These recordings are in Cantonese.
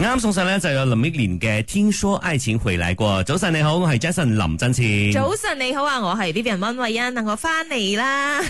啱啱送上咧，就有林憶蓮嘅《聽說愛情回來過》。早晨你好，我係 Jason 林振市。早晨你好啊，我係 Vivian 溫慧欣，等我翻嚟啦。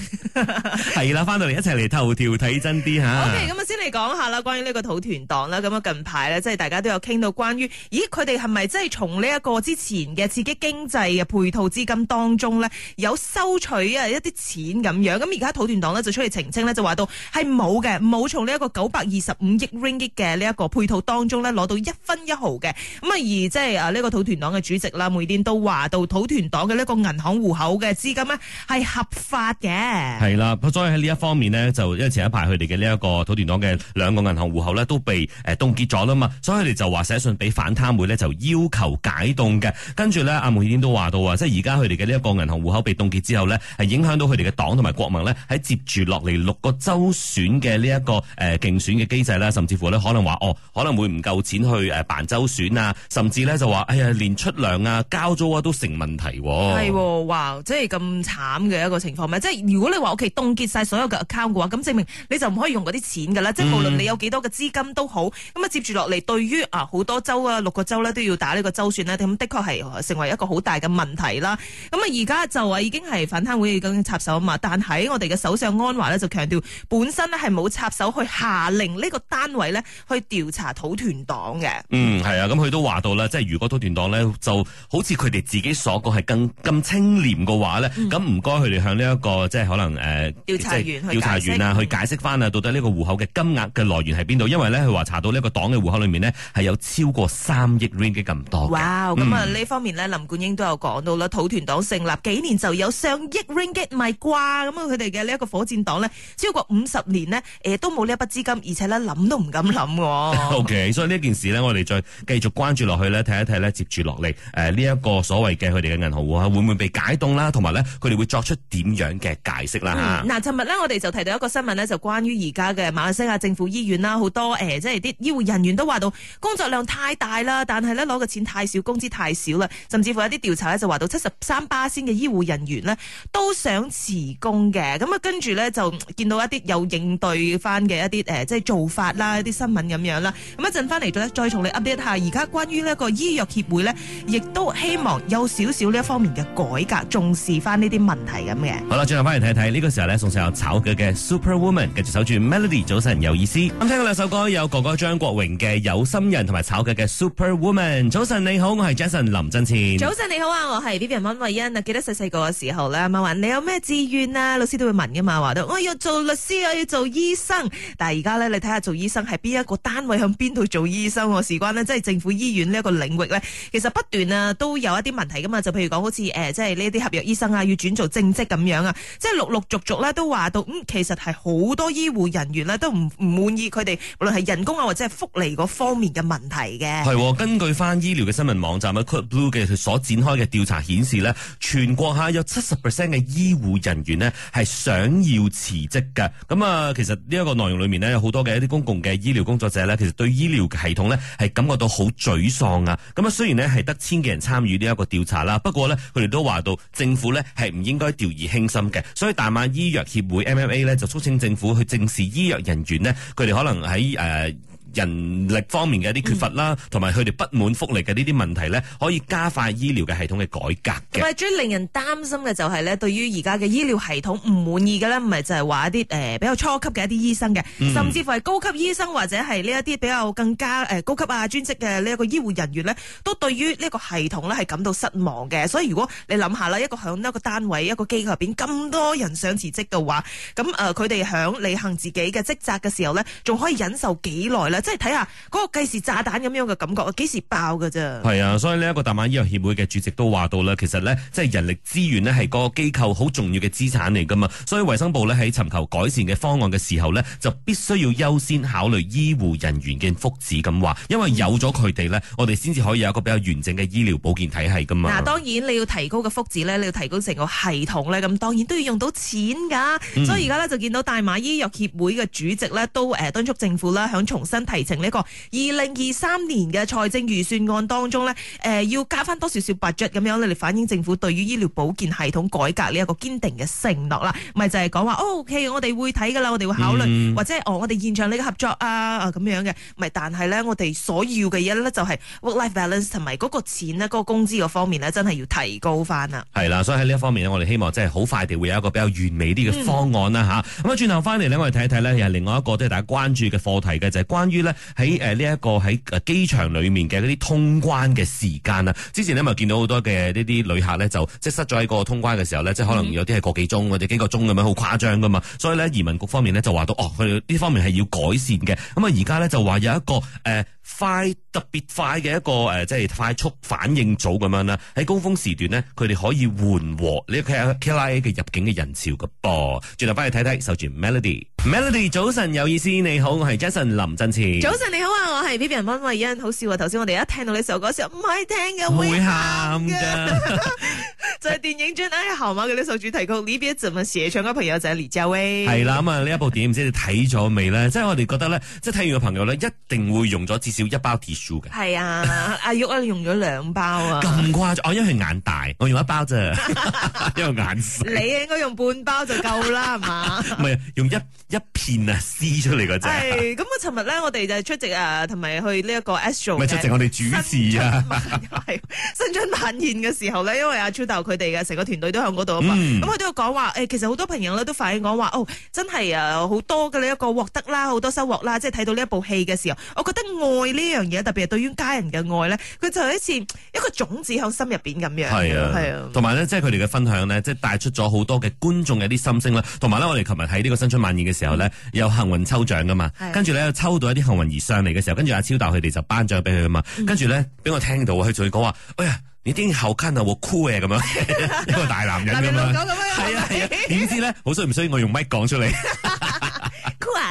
係 啦， 翻到嚟一齊嚟頭條睇真啲吓。O K，咁啊先嚟講下啦，關於呢個土團黨啦，咁啊近排咧，即係大家都有傾到關於，咦佢哋係咪真係從呢一個之前嘅刺激經濟嘅配套資金當中咧，有收取啊一啲錢咁樣？咁而家土團黨咧就出嚟澄清咧，就話到係冇嘅，冇從呢一個九百二十五億 ringgit 嘅呢一個配套當中。攞到一分一毫嘅咁啊！而即係啊呢個土團黨嘅主席啦，梅、啊、甸都話到土團黨嘅呢個銀行戶口嘅資金咧係合法嘅，係啦。所以喺呢一方面咧，就因為前一排佢哋嘅呢一個土團黨嘅兩個銀行戶口咧都被誒凍、呃、結咗啦嘛，所以佢哋就話寫信俾反貪會咧，就要求解凍嘅。跟住咧，阿梅甸都話到話，即係而家佢哋嘅呢一個銀行戶口被凍結之後咧，係影響到佢哋嘅黨同埋國民咧，喺接住落嚟六個州選嘅、這個呃、呢一個誒競選嘅機制啦，甚至乎咧可能話哦，可能會唔夠有錢去辦州選啊，甚至咧就話：哎呀，連出糧啊、交租啊都成問題、啊。係，哇！即係咁慘嘅一個情況咩？即係如果你話屋企凍結晒所有嘅 account 嘅話，咁證明你就唔可以用嗰啲錢㗎啦、嗯。即係無論你有幾多嘅資金都好，咁、嗯、啊接住落嚟對於啊好多州啊六個州咧都要打呢個州選呢，咁的確係成為一個好大嘅問題啦。咁啊而家就啊已經係反貪會已經插手啊嘛，但喺我哋嘅首相安華呢，就強調，本身呢係冇插手去下令呢個單位呢去調查土團。團黨嘅，嗯，係啊，咁佢都話到啦，即係如果土團黨咧，就好似佢哋自己所講係更咁清廉嘅話咧，咁唔該佢哋向呢、這、一個即係可能誒調、呃、查員去調查員啊去解釋翻啊，嗯、到底呢個戶口嘅金額嘅來源喺邊度？因為咧佢話查到呢個黨嘅戶口裏面呢，係有超過三億 ringgit 咁多嘅。哇、wow, 嗯，咁啊呢方面呢，林冠英都有講到啦，土團黨成立幾年就有上億 ringgit 啩？咁佢哋嘅呢一個火箭黨呢，超過五十年呢，誒、呃、都冇呢一筆資金，而且呢，諗都唔敢諗、哦。 okay, 所以呢件事呢，我哋再繼續關注落去呢，睇一睇呢，接住落嚟誒呢一個所謂嘅佢哋嘅銀行戶啊，會唔會被解凍啦？同埋呢，佢哋會作出點樣嘅解釋啦？嗱、嗯，尋日呢，我哋就提到一個新聞呢，就關於而家嘅馬來西亞政府醫院啦，好多誒，即係啲醫護人員都話到工作量太大啦，但係呢，攞嘅錢太少，工資太少啦，甚至乎有啲調查呢，就話到七十三巴仙嘅醫護人員呢都想辭工嘅。咁啊，跟住呢，就見到一啲有應對翻嘅一啲誒，即係做法啦，一啲新聞咁樣啦。咁一陣。翻嚟再同你 update 下，而家關於呢一個醫藥協會咧，亦都希望有少少呢一方面嘅改革，重視翻呢啲問題咁嘅。好啦，轉頭翻嚟睇睇，呢個時候咧，送上有炒腳嘅 Superwoman，繼續守住 Melody。早晨，有意思。咁聽過兩首歌，有哥哥張國榮嘅《有心人》，同埋炒腳嘅 Superwoman。早晨你好，我係 Jason 林振前。早晨你好啊，我係 Vivian 文慧欣啊。記得細細個嘅時候咧，媽咪話你有咩志願啊？老師都會問噶嘛，話到我要做律師，我要做醫生。但係而家咧，你睇下做醫生係邊一個單位，向邊度做？做醫生喎，事關呢，即係政府醫院呢一個領域呢，其實不斷啊，都有一啲問題噶嘛。就譬如講，好似、呃、即係呢啲合約醫生啊，要轉做正職咁樣啊，即係陸陸續續咧都話到，嗯，其實係好多醫護人員呢，都唔唔滿意佢哋，無論係人工啊或者係福利嗰方面嘅問題嘅啊。根據翻醫療嘅新聞網站 Cut Blue 嘅所展開嘅調查顯示呢，全國下有七十 percent 嘅醫護人員呢，係想要辭職嘅。咁啊，其實呢一個內容裏面呢，有好多嘅一啲公共嘅醫療工作者呢，其實對醫療系統呢係感覺到好沮喪啊！咁啊，雖然呢係得千幾人參與呢一個調查啦，不過呢，佢哋都話到政府呢係唔應該掉以輕心嘅，所以大馬醫藥協會 MMA 呢就促請政府去正視醫藥人員呢，佢哋可能喺誒，呃人力方面嘅一啲缺乏啦，同埋佢哋不滿福利嘅呢啲問題咧，可以加快醫療嘅系統嘅改革嘅。咁最令人擔心嘅就係、是、咧，對於而家嘅醫療系統唔滿意嘅咧，唔係就係話一啲誒、呃、比較初級嘅一啲醫生嘅、嗯，甚至乎係高級醫生或者係呢一啲比較更加誒、呃、高級啊專職嘅呢一個醫護人員咧，都對於呢個系統咧係感到失望嘅。所以如果你諗下啦，一個響一個單位一個機構入邊咁多人想辭職嘅話，咁誒佢哋響履行自己嘅職責嘅時候咧，仲可以忍受幾耐咧？即係睇下嗰個計時炸彈咁樣嘅感覺啊，幾時爆噶啫？係啊，所以呢一個大馬醫藥協會嘅主席都話到啦，其實呢，即係人力資源呢係個機構好重要嘅資產嚟噶嘛，所以衛生部呢，喺尋求改善嘅方案嘅時候呢，就必須要優先考慮醫護人員嘅福祉咁話，因為有咗佢哋呢，我哋先至可以有一個比較完整嘅醫療保健體系噶嘛。嗱，當然你要提高個福祉呢，你要提高成個系統呢，咁當然都要用到錢噶、嗯，所以而家呢，就見到大馬醫藥協會嘅主席呢，都誒敦促政府啦，響重新。提呈呢個二零二三年嘅財政預算案當中咧，誒、呃、要加翻多少少白雀咁樣咧嚟，反映政府對於醫療保健系統改革呢一個堅定嘅承諾啦，咪、嗯、就係講話 OK，我哋會睇噶啦，我哋會考慮、嗯、或者哦，我哋現場呢個合作啊咁樣嘅，咪但係咧我哋所要嘅嘢咧就係 work life balance 同埋嗰個錢呢，嗰、嗰個工資個方面咧，真係要提高翻啦。係啦，所以喺呢一方面我哋希望真係好快地會有一個比較完美啲嘅方案啦吓。咁啊轉頭翻嚟咧，嗯、我哋睇睇咧，又係另外一個即係大家關注嘅課題嘅，就係、是、關於。喺誒呢一個喺誒機場裏面嘅嗰啲通關嘅時間啊，之前呢咪見到好多嘅呢啲旅客咧就即係塞咗喺個通關嘅時候咧，即係可能有啲係個幾鐘或者幾個鐘咁樣，好誇張噶嘛。所以咧移民局方面咧就話到哦，佢哋呢方面係要改善嘅。咁啊而家咧就話有一個誒快特別快嘅一個誒即係快速反應組咁樣啦。喺高峰時段呢，佢哋可以緩和呢個 KIA 嘅入境嘅人潮噶噃。轉頭翻嚟睇睇，守住 Melody，Melody 早晨有意思，你好，我係 Jason 林振前。早晨你好啊，我係 B B 人溫慧欣，好笑啊！頭先我哋一聽到呢首歌時候，唔可以聽嘅，會喊嘅。 就係、是、電影《張艾侯》嘛嘅，呢首主題曲，呢邊一集咪寫唱嘅朋友就係李家威。係啦，咁啊呢一部電影唔知你睇咗未咧？即 係我哋覺得咧，即係睇完嘅朋友咧，一定會用咗至少一包鐵書嘅。係啊， 阿玉啊，你用咗兩包啊。咁誇張？哦，因為眼大，我用一包啫， 因為眼細。 你應該用半包就夠啦，係嘛？唔係，用一一片啊撕出嚟嗰隻。係、嗯、咁，我尋日咧，我哋就出席啊，同埋去呢一個 Astro，咪出席我哋主持啊，係新春晚宴嘅 時候咧，因為阿朱導。佢哋嘅成個團隊都喺嗰度啊嘛，咁佢都有講話，誒，其實好多朋友咧都反映講話，哦，真係啊，好多嘅呢一個獲得啦，好多收穫啦，即係睇到呢一部戲嘅時候，我覺得愛呢樣嘢，特別係對於家人嘅愛咧，佢就好似一個種子喺心入邊咁樣，係啊，係啊。同埋咧，即係佢哋嘅分享呢，即係帶出咗好多嘅觀眾嘅一啲心聲啦。同埋呢，我哋琴日喺呢個新春晚宴嘅時候呢，有幸運抽獎噶嘛，跟住咧抽到一啲幸運兒上嚟嘅時候，跟住阿超達佢哋就頒獎俾佢啊嘛，跟住咧俾我聽到佢仲要講話，哎呀！你竟然後坑我 cool 嘅咁樣，一個大男人咁 樣，係啊係啊，點、啊、 知咧？好衰唔衰？我用麥講出嚟。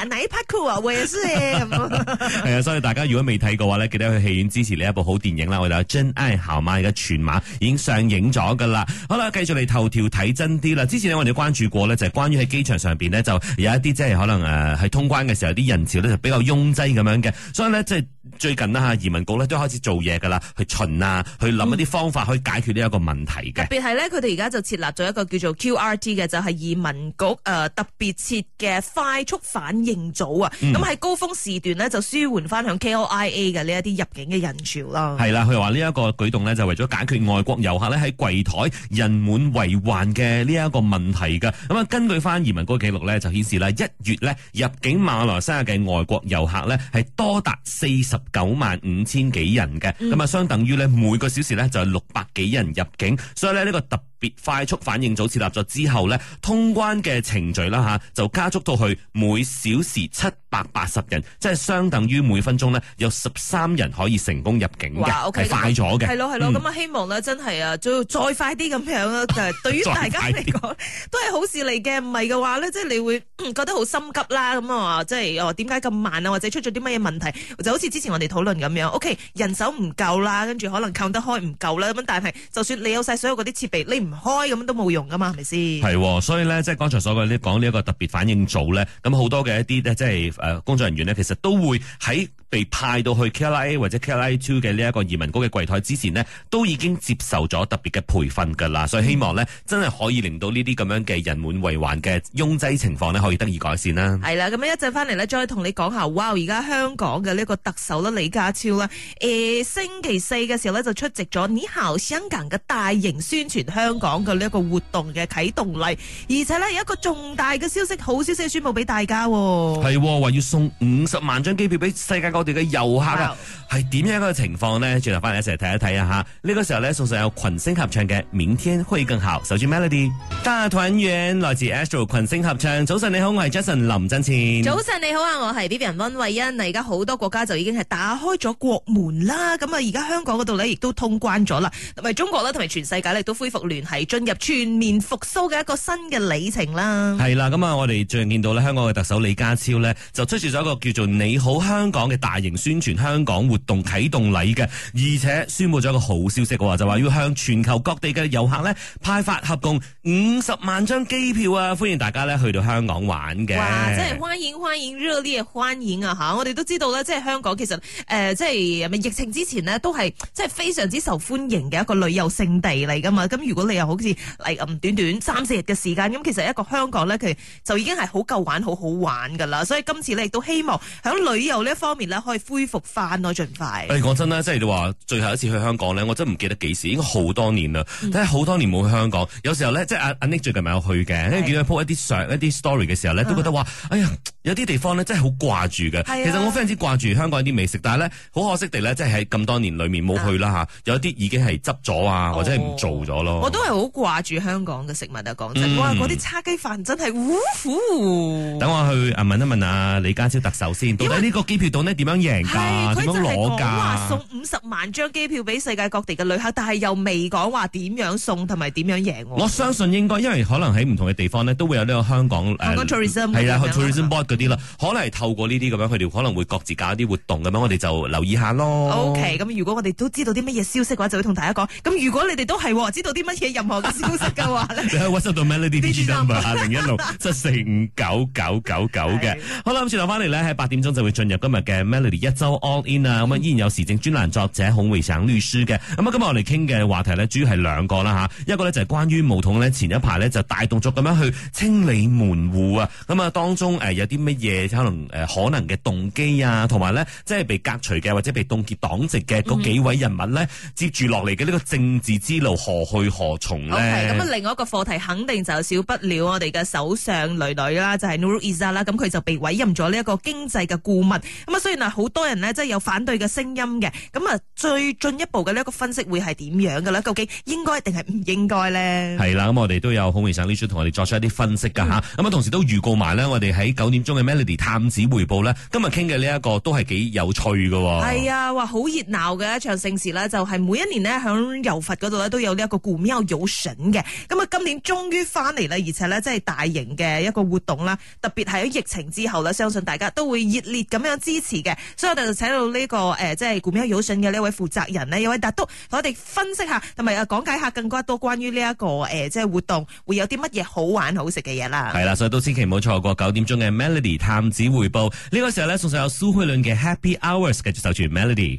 係啊， 所以大家如果未睇過嘅話咧，記得去戲院支持呢一部好電影啦。我哋有《真愛校馬》，而家全馬已經上映咗噶啦。好啦，繼續嚟，頭條睇真啲啦。之前咧我哋關注過呢，就係、是、關於喺機場上邊呢，就有一啲即係可能誒喺、呃、通關嘅時候啲人潮呢，就比較擁擠咁樣嘅。所以呢，即係最近呢，移民局呢都開始做嘢噶啦，去巡啊，去諗一啲方法去解決呢一個問題嘅、嗯。特別係呢，佢哋而家就設立咗一個叫做 QRT 嘅，就係移民局誒、呃、特別設嘅快速反應。早啊，咁喺高峰時段呢，就舒緩翻向 KLIA 嘅呢一啲入境嘅人潮啦。係、嗯、啦，佢話呢一個舉動呢就為咗解決外國遊客呢喺櫃台人滿為患嘅呢一個問題噶。咁啊，根據翻移民局記錄呢，就顯示啦，一月呢入境馬來西亞嘅外國遊客呢，係多達四十九萬五千幾人嘅，咁、嗯、啊，相等於呢每個小時呢，就係六百幾人入境，所以呢，呢個特別別快速反應組設立咗之後咧，通關嘅程序啦吓，就加速到去每小時七百八十人，即係相等於每分鐘呢，有十三人可以成功入境嘅，okay, 係快咗嘅。係咯係咯，咁啊、嗯嗯、希望呢，真係啊，再快啲咁樣啊！誒、就是，對於大家嚟講 都係好事嚟嘅。唔係嘅話呢，即、就、係、是、你會、嗯、覺得好心急啦。咁、嗯、啊，即、就、係、是、哦，點解咁慢啊？或者出咗啲乜嘢問題？就好似之前我哋討論咁樣。OK，人手唔夠啦，跟住可能靠得開唔夠啦咁。但係就算你有晒所有嗰啲設備，你唔開咁都冇用噶嘛，係咪先？係、哦，所以呢，即係剛才所講呢講呢一個特別反應組呢，咁好多嘅一啲即係。誒工作人員咧，其實都會喺被派到去 k i l a 或者 k l a Two 嘅呢一個移民局嘅櫃台之前咧，都已經接受咗特別嘅培訓噶啦，所以希望咧真係可以令到呢啲咁樣嘅人滿為患嘅擁擠情況咧，可以得以改善啦。係啦，咁樣一陣翻嚟咧，再同你講下，哇！而家香港嘅呢個特首啦，李家超啦，誒、欸、星期四嘅時候咧，就出席咗你好香港嘅大型宣傳香港嘅呢一個活動嘅啟動禮，而且咧有一個重大嘅消息，好消息宣布俾大家喎。係，話要送五十萬張機票俾世界我哋嘅遊客啊，係點樣一個情況呢？轉頭翻嚟一齊睇一睇啊！嚇，呢個時候咧，送上有群星合唱嘅《明天會更好》，首支 Melody。大團員，來自 Astro 群星合唱。早晨你好，我係 Jason 林振前。早晨你好啊，我係 Vivian 溫慧欣。而家好多國家就已經係打開咗國門啦，咁啊，而家香港嗰度咧亦都通關咗啦，同埋中國啦，同埋全世界呢，都恢復聯繫，進入全面復甦嘅一個新嘅里程啦。係啦，咁啊，我哋最近見到呢香港嘅特首李家超呢，就推出咗一個叫做《你好香港》嘅大型宣傳香港活動啟動禮嘅，而且宣布咗一個好消息嘅話，就話要向全球各地嘅遊客咧派發合共五十萬張機票啊，歡迎大家咧去到香港玩嘅。哇！真係歡迎歡迎、熱烈歡迎啊吓！我哋都知道咧，即係香港其實誒、呃，即係咪疫情之前咧都係即係非常之受歡迎嘅一個旅遊勝地嚟噶嘛。咁如果你又好似嚟咁短短三四日嘅時間，咁其實一個香港咧，佢就已經係好夠玩好好玩噶啦。所以今次你亦都希望響旅遊呢一方面啦。可以恢復翻咯，盡快。誒、哎，講真啦，即係你話最後一次去香港咧，我真係唔記得幾時，應該好多年啦。睇、嗯、好多年冇去香港，有時候咧，即係阿 Annie 最近咪有去嘅，因為見佢 po 一啲相、一啲 story 嘅時候咧、啊，都覺得話，哎呀～有啲地方咧真係好掛住嘅、啊，其實我非常之掛住香港啲美食，嗯、但係咧好可惜地咧，即係喺咁多年裏面冇去啦、嗯、有一啲已經係執咗啊，或者係唔做咗咯。我都係好掛住香港嘅食物啊，講真，我話嗰啲叉雞飯真係，嗚呼。等我去啊問一問啊李家超特首先，到底呢個機票到呢點樣贏㗎？點樣攞㗎？話送五十萬張機票俾世界各地嘅旅客，但係又未講話點樣送同埋點樣贏。我相信應該因為可能喺唔同嘅地方呢，都會有呢個香港，香港啲啦，可能係透過呢啲咁樣，佢哋可能會各自搞一啲活動咁樣，我哋就留意下咯。O K，咁如果我哋都知道啲乜嘢消息嘅話，就會同大家講。咁如果你哋都係知道啲乜嘢任何嘅消息嘅話呢，WhatsApp 到 Melody B 零一六七四五九九九九嘅。 好啦，咁轉頭翻嚟呢，喺八點鐘就會進入今日嘅 Melody 一周 All In 啊。咁啊，依然有時政專欄作者孔維成律師嘅。咁啊，今日我哋傾嘅話題呢，主要係兩個啦吓，一個呢就係關於巫統呢前一排呢就大動作咁樣去清理門戶啊。咁啊，當中誒有啲。乜嘢可能誒可能嘅動機啊，同埋咧即係被隔除嘅或者被凍結黨籍嘅嗰幾位人物咧，接住落嚟嘅呢個政治之路何去何從咧？咁啊，另外一個課題肯定就少不了我哋嘅首相女女啦，就係 Nurul Izzah 啦，咁佢就被委任咗呢一個經濟嘅顧問。咁啊，雖然啊好多人咧即係有反對嘅聲音嘅，咁啊最進一步嘅呢一個分析會係點樣嘅咧？究竟應該定係唔應該咧？係啦，咁我哋都有好明生呢出同我哋作出一啲分析嘅嚇，咁啊同時都預告埋咧，我哋喺九點鐘嘅 Melody 探子回報咧，今日傾嘅呢一個都係幾有趣嘅。係啊，哇好熱鬧嘅一場盛事啦，就係、是、每一年呢，響遊佛嗰度呢，都有呢一個古廟 r u 嘅。咁啊，今年終於翻嚟啦，而且呢，即係大型嘅一個活動啦，特別係喺疫情之後呢，相信大家都會熱烈咁樣支持嘅。所以我哋就請到呢、這個誒，即係古廟 r u 嘅呢位負責人呢，有位達督，同我哋分析下同埋啊講解下更加多關於呢、這、一個誒，即、呃、係、就是、活動會有啲乜嘢好玩好食嘅嘢啦。係啦、啊，所以都千祈唔好錯過九點鐘嘅 Melody。探子回報呢、這個時候咧，仲有蘇慧倫嘅 Happy Hours，繼續守住 Melody。